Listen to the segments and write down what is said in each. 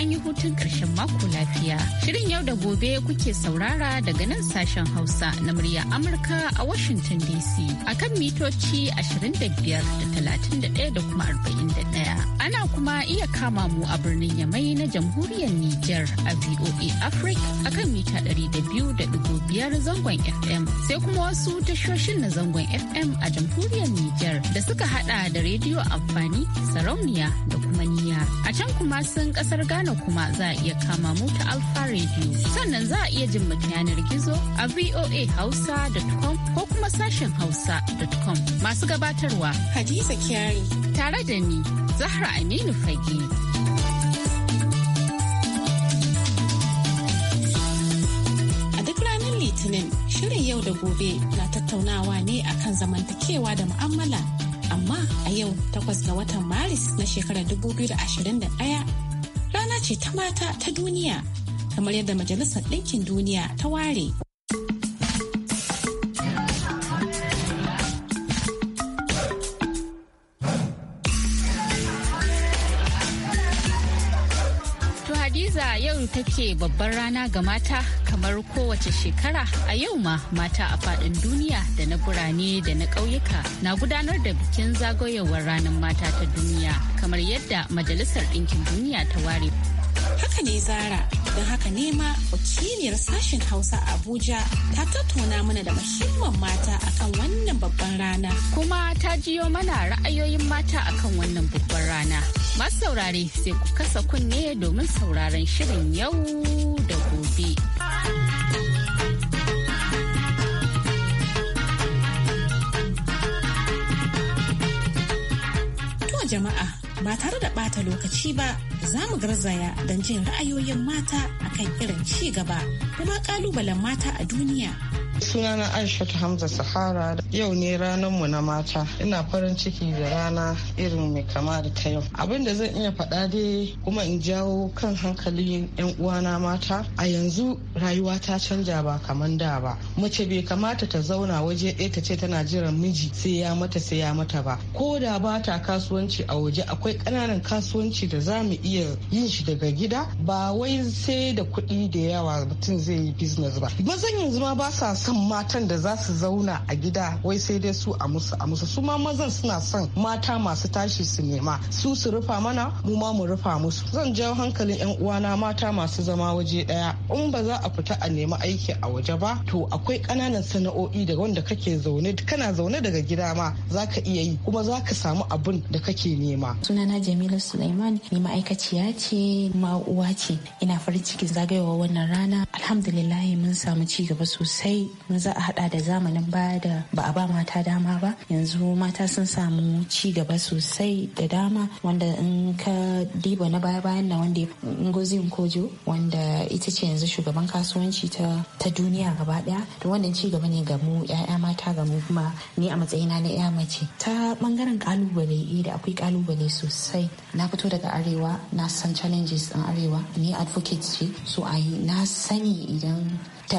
an yi hutun ƙarshen mako lafiya. Shirin yau da gobe kuke saurara daga nan sashen Hausa na murya Amurka a Washington DC a kan mitoci 25 da 31 Ana kuma iya kama mu a birnin Yamai na jamhuriyar Nijar a VOA Africa a kan mita 200.5 zangon FM sai kuma wasu tashoshin na zangon FM a jamhuriyar Nijar da suka hada da rediyo amfani sarauniya da kuma ni. A can kuma sun kasar Ghana kuma za a iya kama mu ta Alfa Radio. Sannan za a iya jin yanar gizo a VOA Hausa.com ko kuma sashen Hausa.com. Masu gabatarwa Hadiza Kyari. Tare da ni Zahra Aminu Fage. a duk ranar Litinin shirin yau da gobe na tattaunawa ne akan zamantakewa da mu'amala amma a yau takwas ga watan maris na shekarar 2021 rana ce ta mata ta duniya kamar yadda majalisar ɗinkin duniya ta ware take babbar rana ga mata kamar kowace shekara a yau ma mata a faɗin duniya da na birane da na ƙauyuka na gudanar da bikin zagayowar ranar mata ta duniya kamar yadda majalisar ɗinkin duniya ta ware Haka ne Zara, don haka nema wakiliyar sashen Hausa a Abuja ta tattauna mana da muhimman mata akan wannan babban rana. Kuma ta jiyo mana ra'ayoyin mata akan wannan babban rana. Masu saurare sai ku kasa kunne domin sauraron shirin yau da gobe. jama'a ba tare da bata lokaci ba za mu garzaya don jin ra'ayoyin mata akan irin ci gaba kuma kalubalen mata a duniya sunana aisha hamza sahara yau ne ranar mu na mata ina farin ciki da rana irin mai kama da ta yau abin da zan iya faɗa dai kuma in jawo kan hankali yan uwana mata a yanzu rayuwa ta canja ba kamar da ba mace bai kamata ta zauna waje ɗaya ta ce tana jiran miji sai ya mata sai ya mata ba ko da ba ta kasuwanci a waje akwai ƙananan kasuwanci da za mu iya yin shi daga gida ba wai sai da kuɗi da yawa mutum zai yi business ba mazan yanzu ma ba sa son matan da za su zauna a gida wai sai dai su a musu a musu su ma mazan suna son mata masu tashi su nema su su rufa mana mu ma mu rufa musu zan jawo hankalin yan uwana mata masu zama waje daya in ba za a fita a nemi aiki a waje ba to akwai ƙananan sana'o'i daga wanda kake zaune kana zaune daga gida ma za ka iya yi kuma za ka samu abin da kake nema. sunana jamilu suleiman ni ma'aikaciya ce ma ce ina farin cikin zagayowa wannan rana alhamdulillah mun samu ci gaba sosai mun za a hada da zamanin baya da ba a ba mata dama ba yanzu mata sun samu ci gaba sosai da dama wanda in ka diba na baya bayan na wanda ngozin kojo wanda ita ce yanzu shugaban kasuwanci ta ta duniya gaba daya to wannan ci gaba ne ga mu yaya mata ga mu kuma ni a matsayina na ya mace ta bangaren kalubale yi eh, da akwai kalubale sosai na fito daga arewa na san challenges din arewa ni advocate ce so ai na sani idan ta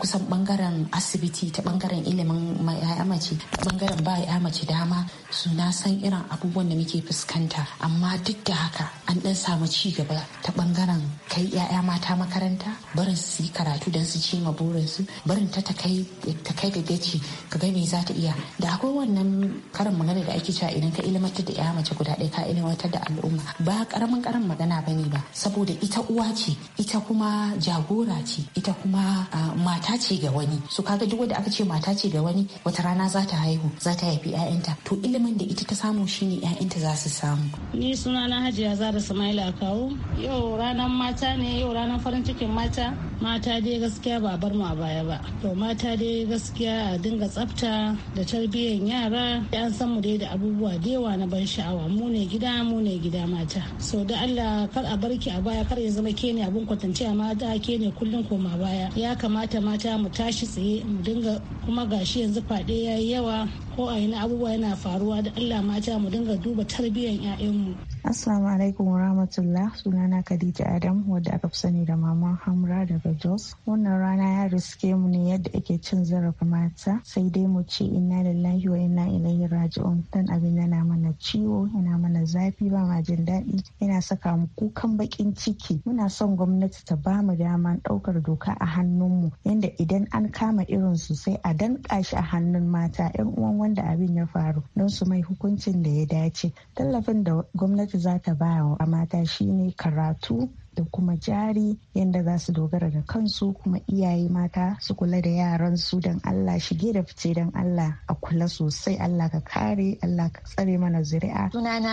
kusan bangaren asibiti ta bangaren ilimin ya'ya mace ta bangaren ba ya mace dama su na san irin abubuwan da muke fuskanta amma duk da haka an dan samu ci gaba ta bangaren kai ya'ya mata makaranta barin su yi karatu don su cima burinsu barin ta ta kai ga gaci ka ga me za ta iya da akwai wannan karin magana da ake cewa idan ka ilimantar da ya mace guda ɗaya ka ilimantar da al'umma ba karamin karin magana bane ba saboda ita uwa ce ita kuma jagora ce ita kuma 'a mata ce ga wani su kaga duk wanda aka ce mata ce ga wani wata rana za ta haihu za ta haifi 'ya'yanta to ilimin da ita ta samu shine 'ya'yanta za su samu ni suna na hajiya zara a kawo yau ranar mata ne yau ranar farin cikin mata mata dai gaskiya ba bar mu a baya ba to mata dai gaskiya a dinga tsafta da tarbiyyar yara an san mu dai da abubuwa da yawa na ban sha'awa mu ne gida mu ne gida mata sau da Allah kar a barki a baya kar ya zama ke ne abin kwatance amma da ke ne kullum koma baya ya kamata mata mu tashi tsaye mu dinga kuma gashi yanzu faɗe ya yi yawa ko a yi abubuwa yana faruwa da Allah mata mu dinga duba tarbiyyar 'ya'yanmu. Assalamu alaikum warahmatullah sunana Khadija Adam wadda aka fi sani da mama Hamra daga Jos. Wannan rana ya riske mu ne yadda ake cin zarafi mata sai dai mu ce inna lillahi wa inna ilaihi raji'un dan abin yana mana ciwo yana mana zafi ba ma jin daɗi yana saka mu kukan bakin ciki muna son gwamnati ta ba mu dama ɗaukar doka a hannunmu yadda idan an kama irinsu sai a danƙa shi a hannun mata 'yan uwan wanda abin ya faru don su mai hukuncin da ya dace tallafin da gwamnati za ta ba wa mata shine karatu da kuma jari yadda za su dogara da kansu kuma iyaye mata su kula da yaransu don Allah shige da fice don Allah a kula sosai Allah ka kare Allah ka tsare mana zuri'a.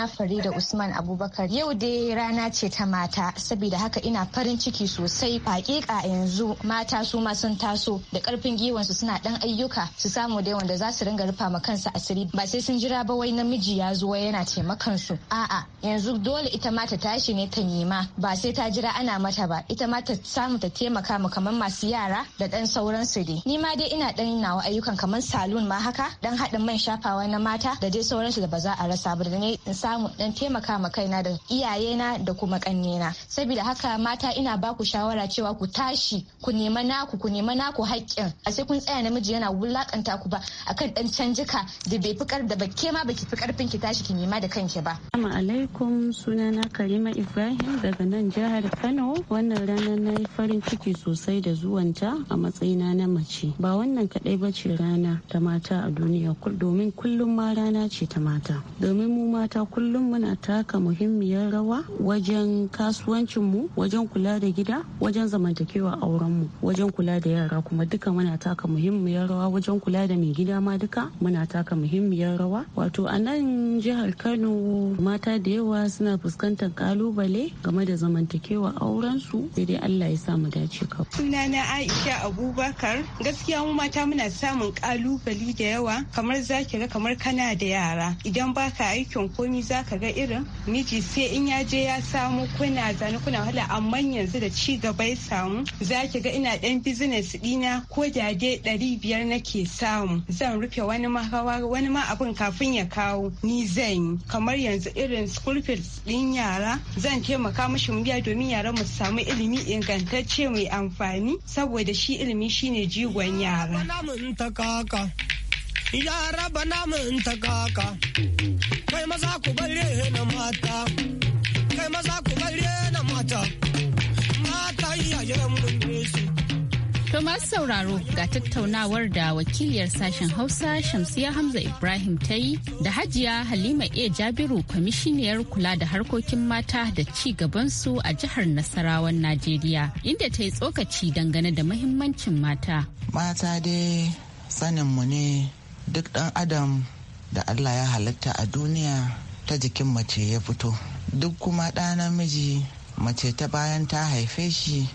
fari da Usman Abubakar yau dai rana ce ta mata saboda haka ina farin ciki sosai hakika yanzu mata su ma sun taso da karfin giwansu suna dan ayyuka su samu da yawan da za su ringa rufa ma kansu asiri ba sai sun jira ba wai namiji ya zo yana taimakan su a'a yanzu dole ita ma ta tashi ne ta nema ba sai ta jira ana mata ba ita ma ta samu ta taimaka mu kamar masu yara da dan sauransu dai ni ma dai ina dan nawa ayyukan kamar salon ma haka dan haɗin man shafawa na mata da dai sauransu da ba za a rasa ba da ne in samu dan taimaka ma kaina da iyayena da kuma kannena saboda haka mata ina ba ku shawara cewa ku tashi ku nema naku ku nema naku haƙƙin a sai kun tsaya namiji yana wulakanta ku ba akan dan canjika da bai fi da ba ke ma baki fi karfin ki tashi ki nema da kanki ba assalamu alaikum sunana karima ibrahim daga nan jihar da Kano wannan ranar na yi farin ciki sosai da zuwanta a matsayina na mace. Ba wannan kaɗai ba ce rana ta mata a duniya domin kullum ma rana ce ta mata. Domin mu mata kullum muna taka muhimmiyar rawa wajen kasuwancinmu, wajen kula da gida, wajen zamantakewa aurenmu, wajen kula da yara kuma duka muna taka muhimmiyar rawa wajen kula da mai gida ma duka muna taka muhimmiyar rawa. Wato a nan jihar Kano mata da yawa suna fuskantar kalubale game da zamantakewa kewa auren su sai dai Allah ya sa mu dace ka sunana Aisha Abubakar gaskiya mu mata muna samun kalubali da yawa kamar zaki ga kamar kana da yara idan baka aikin komi zaka ga irin miji sai in ya je ya samu kuna zane kuna hala. amma yanzu da ci gaba ya samu zaki ga ina dan business dina ko da dai ɗari biyar nake samu zan rufe wani ma wani ma abin kafin ya kawo ni zan yi kamar yanzu irin school fees din yara zan taimaka mishi biya domin domin yaran mu samu ilimi ingantacce mai amfani saboda shi ilimi shine jigon yara. Yara bana mun ta kaka, kai maza ku bare na mata, kai maza ku bare na mata, mata iyayen mun su. To masu sauraro ga tattaunawar da wakiliyar sashen Hausa Shamsiya Hamza Ibrahim ta yi da Hajiya Halima A. Jabiru kwamishiniyar kula da harkokin mata da ci gabansu a jihar Nasarawan Najeriya inda ta yi tsokaci dangane da mahimmancin mata. Mata dai mu ne duk ɗan adam da Allah ya halitta a duniya ta jikin mace ya fito. Duk kuma ɗa namiji mace ta bayan ta haife shi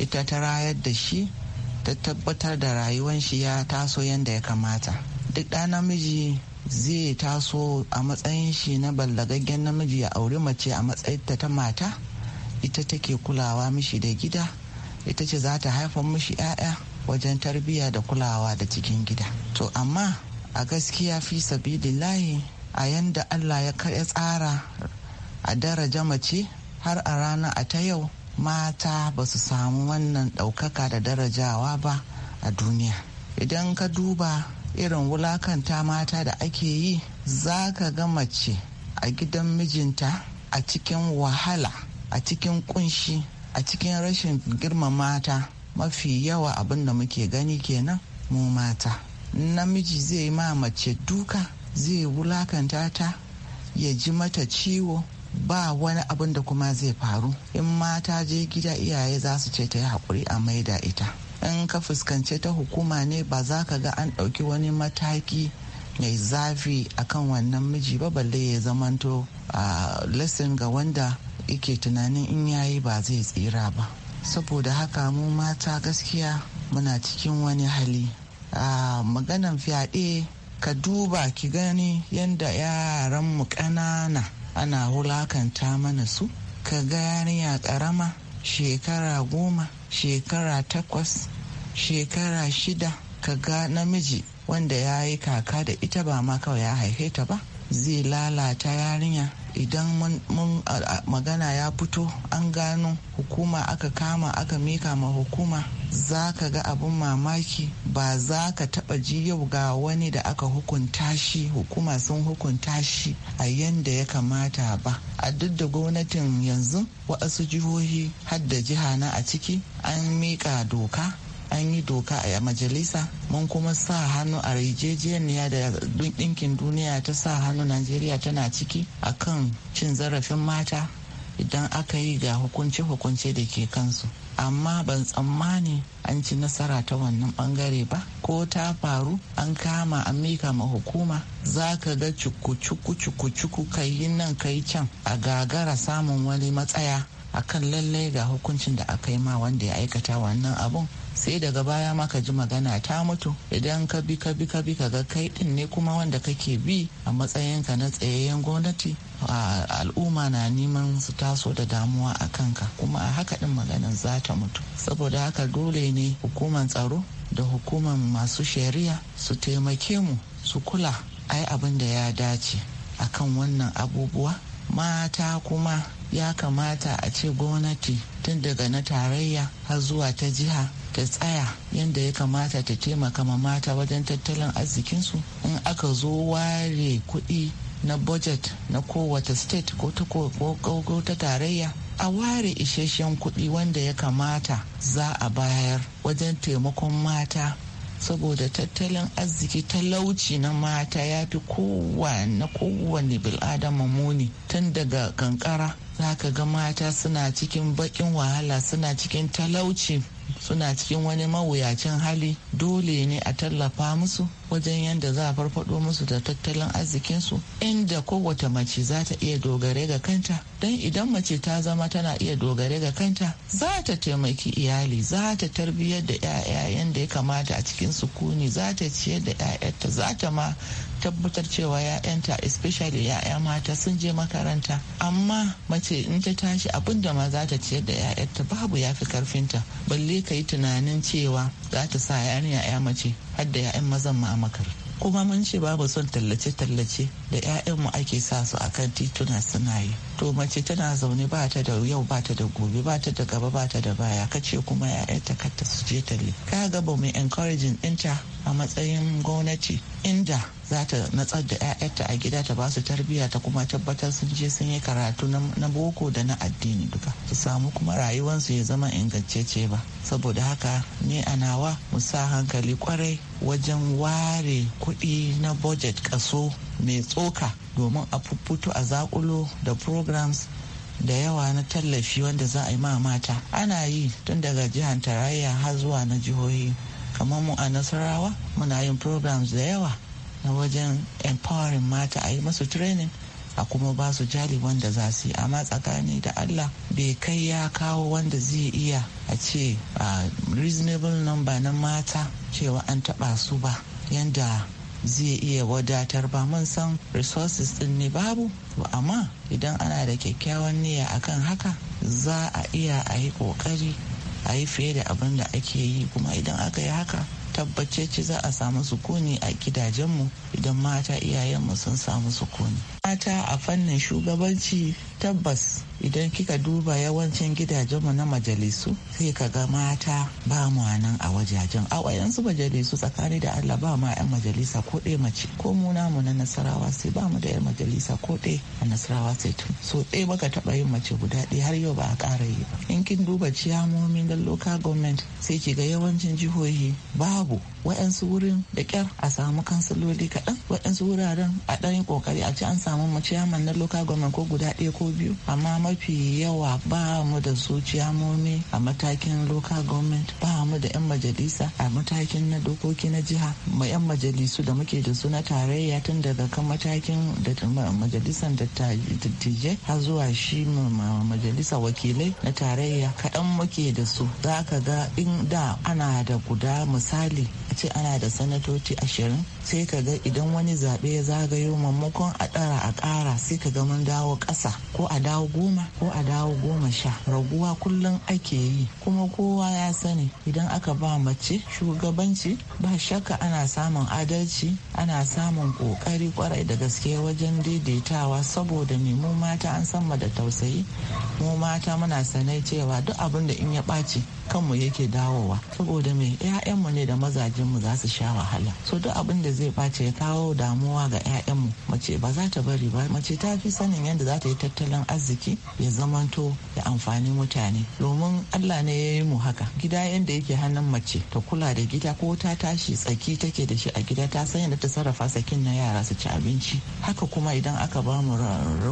ita ta rayar da shi ta tabbatar da rayuwar shi ya taso yadda ya kamata duk ɗa namiji zai taso a matsayin shi na ballagaggen namiji ya auri mace a matsayin ta mata ita take kulawa mishi da gida ita ce za ta haifa mishi 'ya'ya wajen tarbiyya da kulawa da cikin gida to amma a gaskiya fi sabilillahi a yanda allah ya tsara a daraja mace har a rana a ta yau mata ba su samu wannan ɗaukaka da darajawa ba a duniya idan ka duba irin wulakanta mata da ake yi za ka ga mace a gidan mijinta a cikin wahala a cikin kunshi a cikin rashin girmamata mafi yawa abin da muke gani kenan mu mata namiji zai ma mace duka zai wulakanta ta ya ji mata ciwo ba wani abin da kuma zai faru in mata je gida iyaye za su ce ta yi haƙuri a maida ita in ka fuskance ta hukuma ne ba za ka ga an ɗauki wani mataki mai zafi akan wannan miji ba balle ya zamanto a lesson ga wanda yake tunanin in yayi ba zai tsira ba saboda haka mu mata gaskiya muna cikin wani hali a maganan fyaɗe ka duba ki gani yadda yaran mu ƙanana ana wulakanta mana su ka ga yarinya karama shekara goma shekara takwas shekara shida ka ga namiji wanda ya yi kaka da ita ba ma kawai ya haife ta ba zai lalata yarinya idan mun magana ya fito an gano hukuma aka kama aka mika ma hukuma za ka ga abin mamaki ba za ka taba ji yau ga wani da aka hukunta shi hukuma sun hukunta shi a yadda ya kamata ba a duk da gwamnatin yanzu waɗansu jihohi har da jiha na a ciki an mika doka an yi doka a majalisa mun kuma sa hannu a yarjejeniya da ɗinkin duniya ta sa hannu najeriya tana ciki a kan cin zarafin mata idan aka yi ga hukunce-hukunce da ke kansu amma ban tsammani an ci nasara ta wannan bangare ba ko ta faru an kama an mika ma hukuma za ka ga cuku-cuku-cuku-cuku ka yi nan kai can a gagara samun wani matsaya akan lallai ga hukuncin da aka yi ma wanda ya aikata wannan abun sai daga baya maka ji magana ta mutu idan ka bi ka bi ka bi ga kai din ne kuma wanda kake bi a matsayinka na tsayayyen gwamnati al'umma na neman su taso da damuwa a kanka kuma a haka din maganin za ta mutu saboda haka dole ne hukumar tsaro da hukumar masu shari'a su taimake mu su kula ai abin da ya dace akan wannan abubuwa mata kuma ya kamata a ce gwamnati tun daga na tarayya har zuwa ta jiha ta tsaya yadda ya kamata ta taimaka ma mata wajen tattalin arzikinsu in aka zo ware kuɗi na budget na kowace state ko ta tarayya a ware isasshen kuɗi wanda ya kamata za a bayar wajen taimakon mata saboda tattalin arziki talauci na mata ya fi kowane kowane bil'adama muni tun daga kankara za ka ga mata suna cikin bakin wahala suna cikin talauci suna cikin wani mawuyacin hali dole ne a tallafa musu wajen yadda za a farfado musu da tattalin arzikinsu inda kowace mace za ta iya dogare ga kanta don idan mace ta zama tana iya dogare ga kanta za ta taimaki iyali za ta tarbiyyar da 'ya'ya yadda ya kamata a cikin sukuni za ta ciyar da 'ya'yarta za ta ma tabbatar cewa 'ya'yanta especially 'ya'ya mata sun je makaranta amma mace in ta tashi abin da ma za ta ciyar da 'ya'yarta babu ya fi karfinta balle ka yi tunanin cewa za ta sa yarinya 'ya mace Hadda 'ya'yan mazan ma a makar kuma mun ce babu son tallace-tallace da ya'yan mu ake sa su a kan tituna suna yi to mace tana zaune ba ta da yau ba ta da gobe ba ta da gaba ba ta da baya kace kuma 'ya'yanta karta ta su je talle ga ba mu encouraging ɗinta a matsayin gwamnati inda za ta natsar da 'ya'yarta a gida ta ba su tarbiyya ta kuma tabbatar sun je sun yi karatu na boko da na addini duka su samu kuma rayuwarsu ya zama ingantacce ba saboda haka ne a nawa mu sa hankali kwarai wajen ware kuɗi na budget kaso mai tsoka domin a fufutu a zakulo da programs da yawa na tallafi wanda za a yi ma mata ana yi tun daga jihar tarayya har zuwa na jihohi kamar mu a nasarawa muna yin programs da yawa na wajen empowering mata a yi masu training a kuma ba su jari wanda za su yi amma tsakani da allah bai kai ya kawo wanda zai iya a ce a reasonable number na mata cewa an taba su ba yanda zai iya wadatar ba mun san resources din ne babu amma idan ana da kyakkyawan niyya akan haka za a iya a yi kokari a yi fiye da abin da ake yi kuma idan aka yi haka tabbacece za a samu sukuni a gidajenmu idan mata iyayenmu sun samu sukuni mata a fannin shugabanci tabbas idan kika duba yawancin gidajenmu na majalisu sai ka ga mata ba mu nan a wajajen a yanzu majalisu tsakani da allah ba ma 'yan majalisa ko ɗaya mace ko mu na nasarawa sai ba mu da 'yan majalisa ko ɗaya a nasarawa sai tun so ɗaya baka taɓa yin mace guda ɗaya har yau ba a ƙara yi ba in kin duba ciyamomin da local government sai ki ga yawancin jihohi babu wa'yansu wurin da kyar a samu kansiloli kaɗan wa'yansu wuraren a ɗan yi ƙoƙari a ci an samu samu mu na local government ko guda ɗaya ko biyu amma mafi yawa ba mu da su ciyamomi a matakin local government ba mu da 'yan majalisa a matakin na dokoki na jiha ma 'yan majalisu da muke da su na tarayya tun daga kan matakin da majalisan dattijai har zuwa shi majalisa wakilai na tarayya kaɗan muke da su za ka ga in da ana da guda misali a ce ana da sanatoci ashirin sai ka ga idan wani zaɓe ya zagayo maimakon a ɗara a ƙara sai ka ga mun dawo ƙasa ko a dawo goma ko a dawo goma sha raguwa kullum ake yi kuma kowa ya sani idan aka ba mace shugabanci ba shakka ana samun adalci ana samun ƙoƙari kwarai da gaske wajen daidaitawa saboda me mu mata an san da tausayi mu mata muna sanai cewa duk abin da in ya ɓaci kanmu yake dawowa saboda me mu ne da mazajinmu za su sha wahala so duk abin da zai bace ya kawo damuwa ga 'ya'yanmu mace ba za ta bari ba mace ta fi sanin yadda za ta yi tattalin arziki ya zamanto ya amfani mutane domin allah ne ya yi mu haka gida yadda yake hannun mace ta kula da gida ko ta tashi tsaki take da shi a gida ta san yadda ta sarrafa sakin na yara su ci abinci haka kuma idan aka ba mu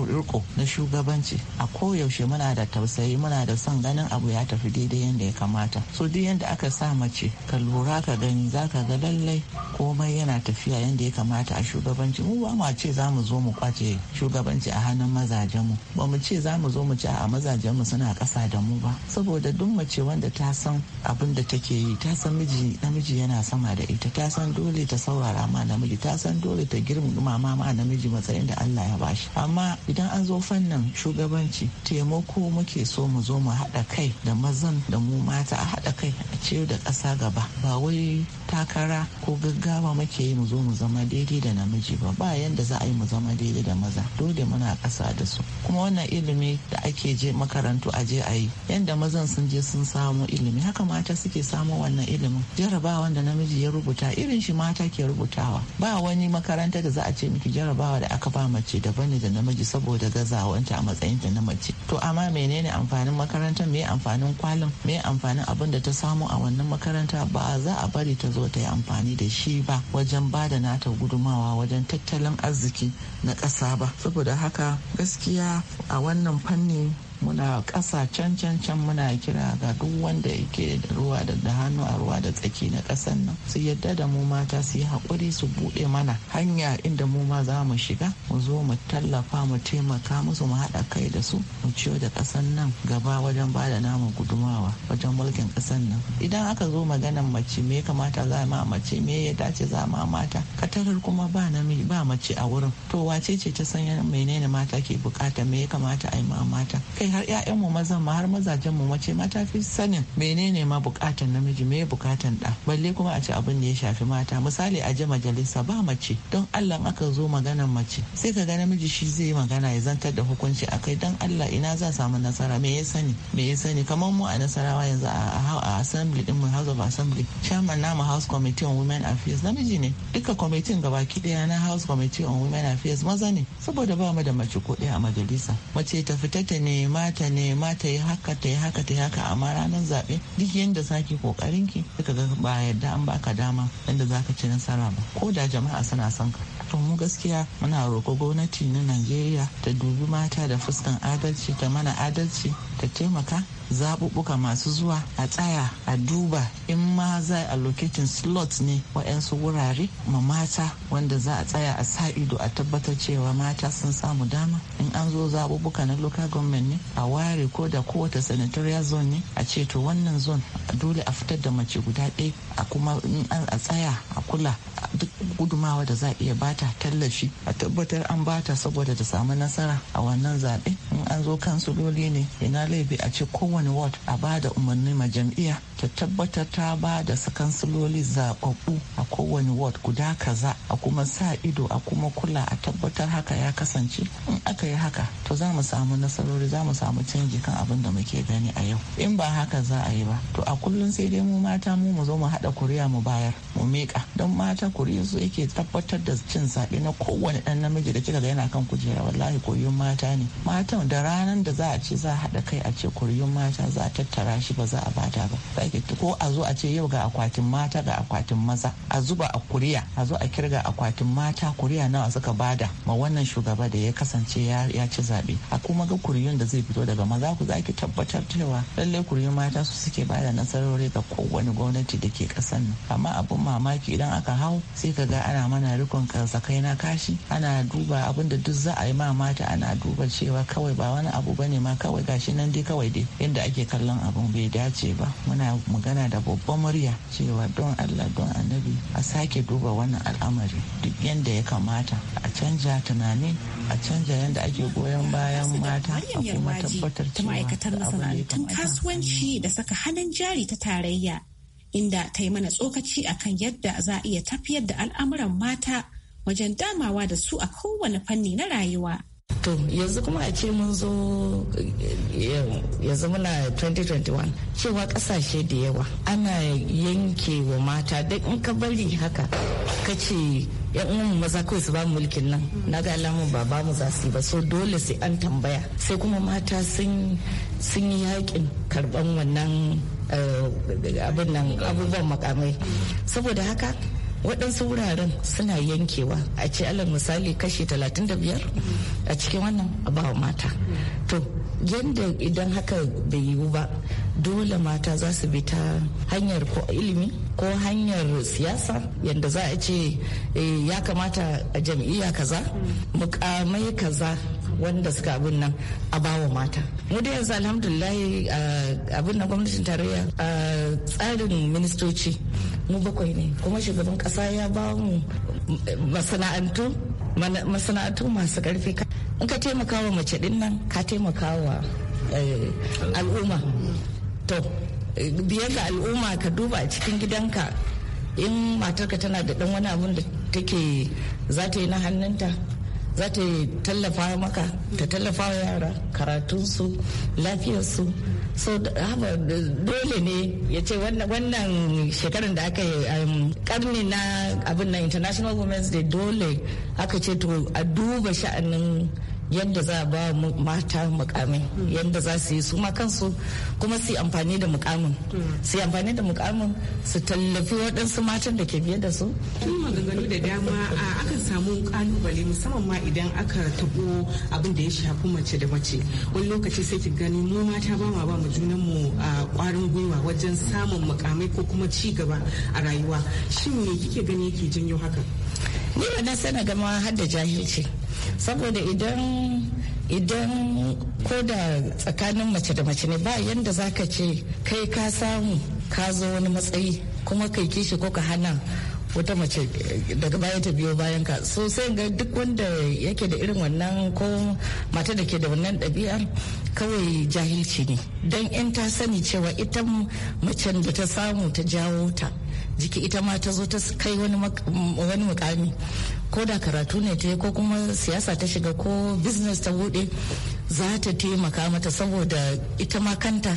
riko na shugabanci a koyaushe muna da tausayi muna da son ganin abu ya tafi daidai yadda ya kama. kamata so duk yadda aka sa mace ka lura ka gani za ka ga lallai komai yana tafiya yadda ya kamata a shugabanci mu ba mu ce za mu zo mu kwace shugabanci a hannun mazajen mu ba mu ce za mu zo mu ce a mazajen mu suna kasa da mu ba saboda duk mace wanda ta san abin da take yi ta san miji namiji yana sama da ita ta san dole ta saurara ma namiji ta san dole ta girmama ma namiji matsayin da Allah ya bashi amma idan an zo fannin shugabanci taimako muke so mu zo mu haɗa kai da mazan da mu ma kamata a haɗa kai a ciyo da ƙasa gaba ba wai takara ko gaggawa muke yi mu zo mu zama daidai da namiji ba ba yanda za a yi mu zama daidai da maza dole muna ƙasa da su kuma wannan ilimi da ake je makarantu a je a yi yanda mazan sun je sun samu ilimi haka mata suke samu wannan ilimin jarabawa da namiji ya rubuta irin shi mata ke rubutawa ba wani makaranta da za a ce miki jarabawa da aka ba mace daban ne da namiji saboda gazawanta a matsayin matsayinta na mace to amma menene amfanin makarantar me amfanin kwalin me amfanin amfanin abin da ta samu a wannan makaranta ba za a bari ta zo ta yi amfani da shi ba wajen ba da nata gudumawa wajen tattalin arziki na ƙasa ba saboda haka gaskiya a wannan fanni muna ƙasa can can can muna kira ga duk wanda yake da ruwa da da hannu a ruwa da tsaki na ƙasan nan su yadda da mu mata su yi haƙuri su buɗe mana hanya inda mu ma za mu shiga mu zo mu tallafa mu taimaka musu mu haɗa kai da su mu ciyo da ƙasan nan gaba wajen ba da namu gudumawa wajen mulkin ƙasan nan idan aka zo maganan mace me kamata za ma mace me ya dace za ma mata katarar kuma ba namiji ba mace a wurin to wace ce ta san menene mata ke bukata me ya kamata a yi ma mata kai har 'ya'yanmu maza ma har mazajen mu mace mata fi sanin menene ma bukatan namiji me bukatan da balle kuma a ce abin da ya shafi mata misali a je majalisa ba mace don Allah aka zo maganan mace sai ka ga namiji shi zai yi magana ya zantar da hukunci a kai don Allah ina za samu nasara me ya sani me ya sani kamar mu a nasarawa yanzu a assembly din mu House of Assembly chairman namu House Committee on Women Affairs namiji ne duka committee gabaki daya na House Committee on Women Affairs maza ne saboda ba mu da mace ko daya a majalisa mace ta fita ta nema mata ta nema ta yi haka ta yi haka ta yi haka amma ranar zaɓe duk yadda zaki kokarin ki daga ga ba yadda an baka dama yadda zaka ci nasara ba ko da jama'a suna son ka to mu gaskiya muna roƙo gwamnati na Najeriya ta dubi mata da fuskan adalci ta mana adalci ta taimaka zaɓuɓɓuka masu zuwa a tsaya a duba in ma za a locating slot ne waɗansu wurare ma mata wanda za a tsaya a sa ido a tabbatar cewa mata sun samu dama in an zo zaɓuɓɓuka na local government ne a ware ko da kowace senatorial zone ne a ce to wannan zone dole a fitar da mace guda ɗaya a kuma in an a tsaya a kula duk gudumawa da za a iya bata tallafi a tabbatar an bata saboda ta samu nasara a wannan zaɓe in an zo kansuloli ne ina laifi a ce kowane kowane ward a ba da umarni ma jam'iyya ta tabbatar ta ba da su kansiloli zaɓaɓɓu a kowane ward guda kaza a kuma sa ido a kuma kula a tabbatar haka ya kasance in aka yi haka to za mu samu nasarori za mu samu canji kan abin da muke gani a yau in ba haka za a yi ba to a kullum sai dai mu mata mu mu zo mu haɗa kuriya mu bayar mu miƙa don mata kuriya su yake tabbatar da cin zaɓe na kowane ɗan namiji da kika ga yana kan kujera wallahi koyon mata ne matan da ranar da za a ce za a haɗa kai a ce koyon mata mata za a tattara shi ba za a bada ba ko a zo a ce yau ga akwatin mata ga akwatin maza a zuba a kuriya a zo a kirga akwatin mata kuriya nawa suka bada ma wannan shugaba da ya kasance ya ci zaɓe a kuma ga kuriyun da zai fito daga maza ku zaki tabbatar cewa lallai kuriyun mata su suke bada nasarori ga kowane gwamnati da ke kasan nan amma abun mamaki idan aka hau sai ka ga ana mana rikon kai na kashi ana duba abin da duk za a yi ma mata ana duba cewa kawai ba wani abu bane ma kawai gashi nan dai kawai dai yadda yadda ake kallon abin bai dace ba muna magana da babban murya cewa don allah don annabi a sake duba wannan al'amari duk yadda ya kamata a canja tunani a canja yadda ake goyon bayan mata a kuma tabbatar ta ma'aikatar masana'antun kasuwanci da saka hannun jari ta tarayya inda ta yi mana tsokaci akan yadda za a iya tafiyar da al'amuran mata wajen damawa da su a kowane fanni na rayuwa. To yanzu kuma a ce mun zo yanzu muna 2021 cewa kasashe da yawa ana yanke wa mata da in ka bari haka ka ce yan uwan maza kawai su ba mu mulkin nan na ga alamun ba ba mu za su yi ba so dole sai an tambaya sai kuma mata sun yi yakin karban wannan eh, abin nan abubuwan makamai saboda haka waɗansu wuraren suna yankewa a ce alal misali kashi 35 a cikin wannan a ba mata to yadda idan haka bai yiwu ba dole mata za su bi ta hanyar ko ilimi ko hanyar siyasa yadda za a ce eh, ya kamata a jam'iyya kaza mukamai kaza wanda suka abin nan a bawa mata mu da yanzu alhamdulillah abin na gwamnatin tarayya tsarin ministoci mu bakwai ne kuma shugaban kasa ya ba mu masana'antu masana'antu masu karfi in ka taimaka wa mace din nan ka taimaka wa eh, al'umma to biyar da al'umma ka duba a cikin gidanka in matarka tana da dan wani abun da take za yi na hannunta za ta tallafa maka ta tallafa wa yara karatunsu lafiyarsu so haba dole ne ya ce wannan shekarun da aka yi um, karni na abin na international women's day dole aka ce to a duba sha'anin yadda za a ba mata mukamin yadda za su yi su ma kansu kuma su yi amfani da mukamin su yi amfani da mukamin su tallafi waɗansu matan da ke biye da su tun maganganu da dama aka samu kalubale musamman ma idan aka tabo abin da ya shafi mace da mace wani lokaci sai ki gani mu mata ba ma ba mu junan mu kwarin gwiwa wajen samun mukamai ko kuma ci gaba a rayuwa shin me kike gani yake janyo haka ni ba na sana gama har da jahilci saboda idan idan ko da tsakanin mace da mace ne ba yanda za ka ce kai ka samu ka zo wani matsayi kuma kai kishi ko ka hana wata mace daga baya ta biyo bayan ka so sai ga duk wanda yake da irin wannan ko mata da ke da wannan ɗabi'ar kawai jahilci ne don in ta sani cewa ita macen da ta samu ta jawo ta jiki ita ma ta zo ta kai wani mukami ko da karatu ne ta ko kuma siyasa ta shiga ko business ta bude za ta taimaka mata saboda ita ma kanta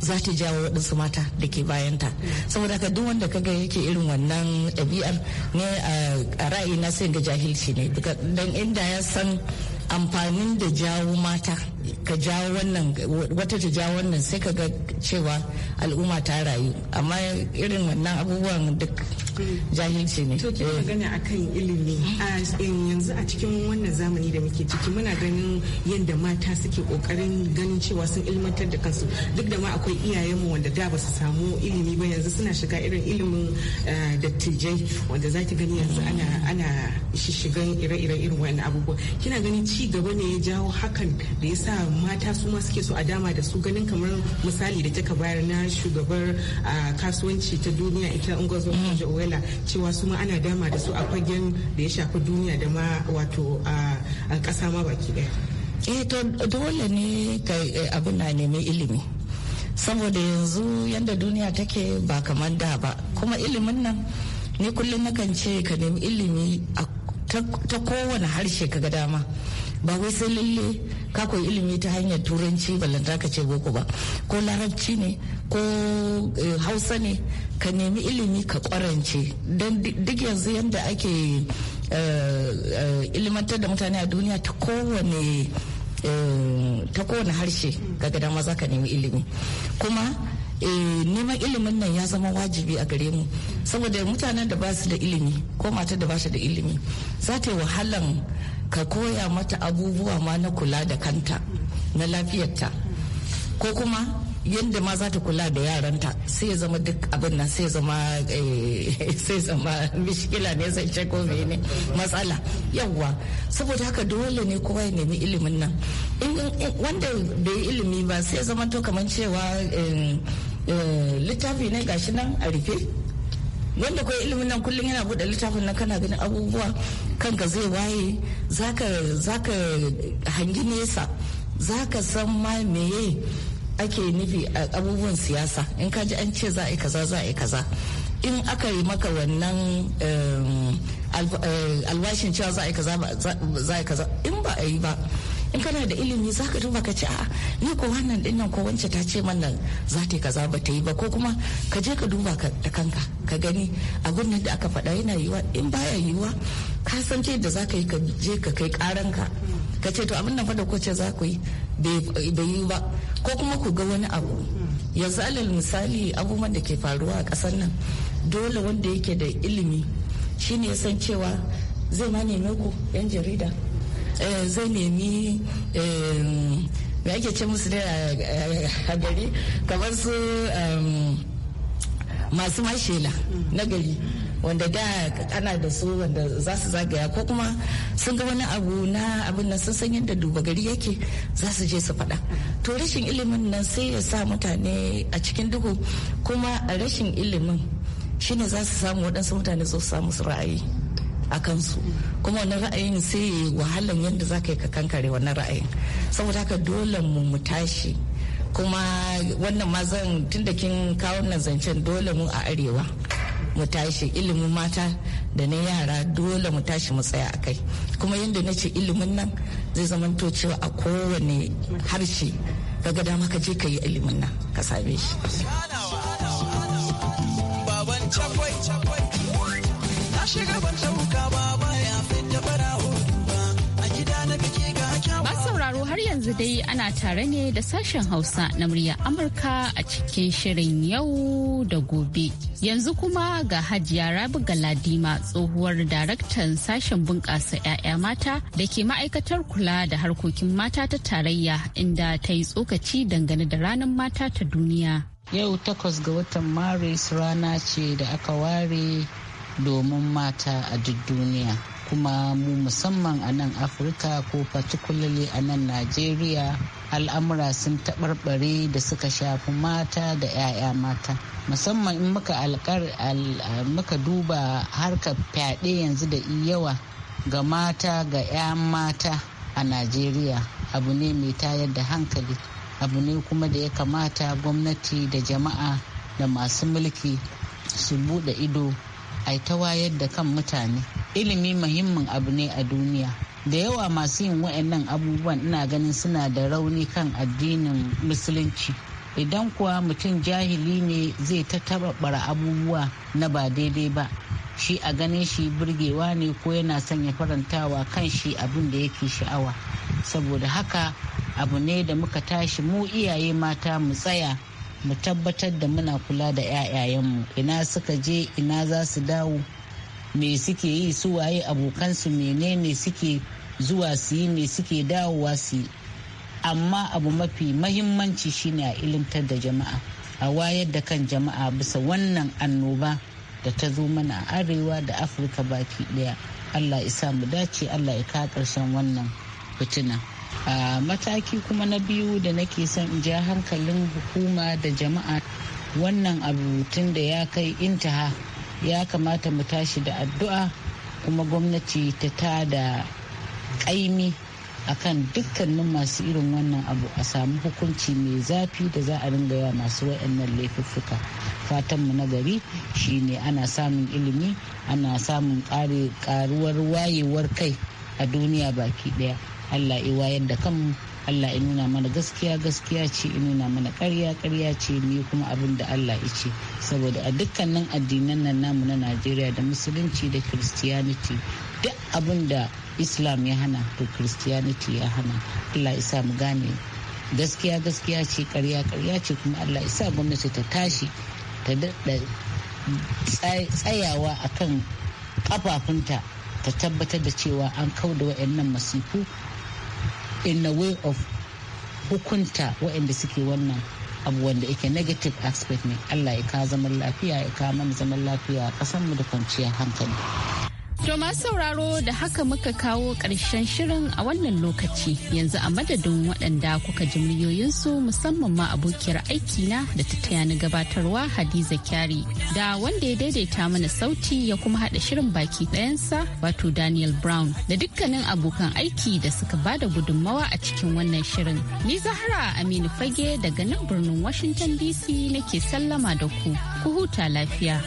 za ta jawo waɗansu mata da ke bayanta saboda ka duk wanda kaga yake irin wannan ɗabi'ar ne a ra'ayi na sai ga jahilci ne dan inda ya san amfanin da jawo mata ka jawo wannan wata ta jawo wannan sai ka ga cewa al'umma ta rayu amma irin wannan abubuwan duk jahilci ne to kin magana akan ilimi eh, yanzu a cikin wannan zamani da muke ciki muna ganin yadda mata suke kokarin ganin cewa sun ilmantar da kansu duk da ma akwai iyayenmu wanda da ba su samu ilimi ba yanzu suna shiga irin ilimin eh, dattijai wanda zaki gani yanzu ana ana shigan ire-iren irin wannan abubuwa kina ganin ci gaba ne ya jawo hakan da ya sa mata su ma suke so a dama da su ganin kamar misali da taka bayar na shugabar kasuwanci ta duniya ita ungozo Owela cewa su ma ana dama da su a fagen da ya shafi duniya da ma wato a kasa ma baki daya. Eh to dole ne ka eh, abin na neman ilimi. saboda yanzu yadda duniya take ba kamar da ba kuma ilimin nan ne kullum nakan ce ka nemi ilimi ta kowane harshe kaga dama ba wai sai lalle ka koyi ilimi ta hanyar turanci ballanta ka ce boko ba ko larabci ne ko eh, hausa ne ka nemi ilimi ka kwarance don duk yanzu yadda ake eh, eh, ilimantar da mutane a duniya ta kowane ta kowane harshe ga gada maza ka nemi ilimi kuma neman ilimin nan ya zama wajibi a gare mu saboda mutanen da ba su da ilimi ko matar da ba su da ilimi za ta yi wahalan ka koya mata abubuwa ma na kula da kanta na lafiyarta ko kuma yadda ma za ta kula da yaranta sai zama duk abin nan sai zama eh, sai mishkila ne sai ce ko ne matsala yawwa saboda haka dole ne kowa ya nemi ilimin nan wanda bai ilimi ba sai zama to kamar cewa eh, eh, littafi ne gashi nan a rufe wanda kawai ilimin nan kullum yana bude littafin nan kana ganin abubuwa kanka zai waye zaka hangi nesa zaka san ma meye ake nufi a abubuwan siyasa in ka ji an ce za a yi kaza za a yi kaza in aka yi maka wannan alwashin eh, cewa za a yi kaza in ba a yi ba in kana da ilimi za ka duba ka ce a'a ni ko wannan din ko wance ta ce mana za ta yi kaza ba ta yi ba ko kuma ka je ka duba ka da kanka ka gani abun nan da aka faɗa yana yiwa in baya yiwa ka san ce da za ka yi ka je ka kai karanka ka ce to abin nan fa da kwace za ku yi bai yi ba ko kuma ku ga wani abu yanzu alal misali abubuwan da ke faruwa a ƙasar nan dole wanda yake da ilimi shine ya san cewa zai ma neme ku yan jarida Eh, zai nemi me ake ce musu da a gari kamar su masu mashela na gari wanda da ana da su wanda za su zagaya ko kuma sun ga wani abu na abin nan sun san yadda duba gari yake za su je su faɗa to rashin ilimin nan sai ya sa mutane a cikin duhu kuma rashin ilimin shine za su samu waɗansu mutane su samu su ra'ayi a kansu kuma wani ra'ayin sai ya wahalan yadda za ka yi ka kankare wannan ra'ayin saboda haka dole mu mu tashi kuma wannan ma zan tun da kin kawo nan zancen dole mu a arewa mu tashi ilimin mata da na yara dole mu tashi mu tsaya a kai kuma yadda na ce ilimin nan zai zamanto cewa a kowane harshe ga dama ka je ka yi ilimin nan ka same shi har yanzu dai ana tare ne da sashen Hausa na murya Amurka a cikin shirin yau da gobe. Yanzu kuma ga Hajiya Rabi Galadima tsohuwar daraktan sashen bunƙasa 'ya'ya mata da ke ma'aikatar kula da harkokin mata ta tarayya inda ta yi tsokaci dangane da ranar mata ta duniya. Yau takwas ga watan Maris rana ce da aka ware domin mata a duk duniya. kuma mu musamman a nan afirka ko particularly a nan najeriya al'amura sun taɓarɓare da suka shafi mata da 'ya'ya mata musamman in muka alkar muka duba harkar fyaɗe yanzu da yawa ga mata ga ya mata a najeriya abu ne mai tayar da hankali abu ne kuma da ya kamata gwamnati da jama'a da masu mulki su buɗe ido a ta wayar da kan mutane ilimi muhimmin abu ne a duniya da yawa masu yin wa'annan abubuwan ina ganin suna da rauni kan addinin musulunci idan kuwa mutum jahili ne zai ta taɓaɓɓara abubuwa na ba daidai ba shi a ganin shi burgewa ne ko yana sanya farantawa kan shi abin da yake sha'awa saboda haka abu ne da muka tashi mu iyaye mata mu tsaya mu tabbatar da muna kula da 'ya'yayenmu ina suka je ina za su dawo me suke yi su waye abokansu menene suke zuwa su yi me suke dawowa su yi amma abu mafi mahimmanci shine a ilimtar da jama'a a wayar da kan jama'a bisa wannan annoba da ta zo mana a arewa da afirka baki daya allah isa mu dace allah ya ka karshen wannan fitina a mataki kuma na biyu da nake son in ja hankalin hukuma da jama'a wannan abu tun da ya kai intaha ya kamata mu tashi da addu'a kuma gwamnati ta tada kaimi akan dukkanin masu irin wannan abu a samu hukunci mai zafi da za a ringa yawa masu wa'annan laifuffuka fatanmu na gari shine ana samun ilimi ana samun karuwar wayewar kai a duniya baki daya allah iwayar da kanmu Allah ya nuna mana gaskiya gaskiya ce ya nuna mana karya karya ce ne kuma abin da Allah ya ce saboda a dukkanin addinan nan namu na Najeriya da musulunci da Christianity duk abin da Islam ya hana to Christianity ya hana Allah ya sa mu gane gaskiya gaskiya ce karya karya ce kuma Allah ya sa gwamnati ta tashi ta daɗa tsayawa akan kafafunta ta tabbatar da cewa an kauda waɗannan masifu in a way of hukunta waɗanda suke wannan abu wanda yake negative aspect ne allah ya ka zaman lafiya ya ka mana zaman lafiya a mu da kwanciyar hankali To masu sauraro da haka muka kawo ƙarshen shirin a wannan lokaci yanzu a madadin waɗanda kuka ji muryoyinsu musamman ma abokiyar aiki na da ta taya ni gabatarwa Hadiza Kyari da wanda ya daidaita mana sauti ya kuma haɗa shirin baki ɗayansa wato Daniel Brown da dukkanin abokan aiki da suka ba da gudunmawa a cikin wannan shirin. Ni Zahra Aminu Fage daga nan birnin Washington DC nake sallama da ku, ku huta lafiya.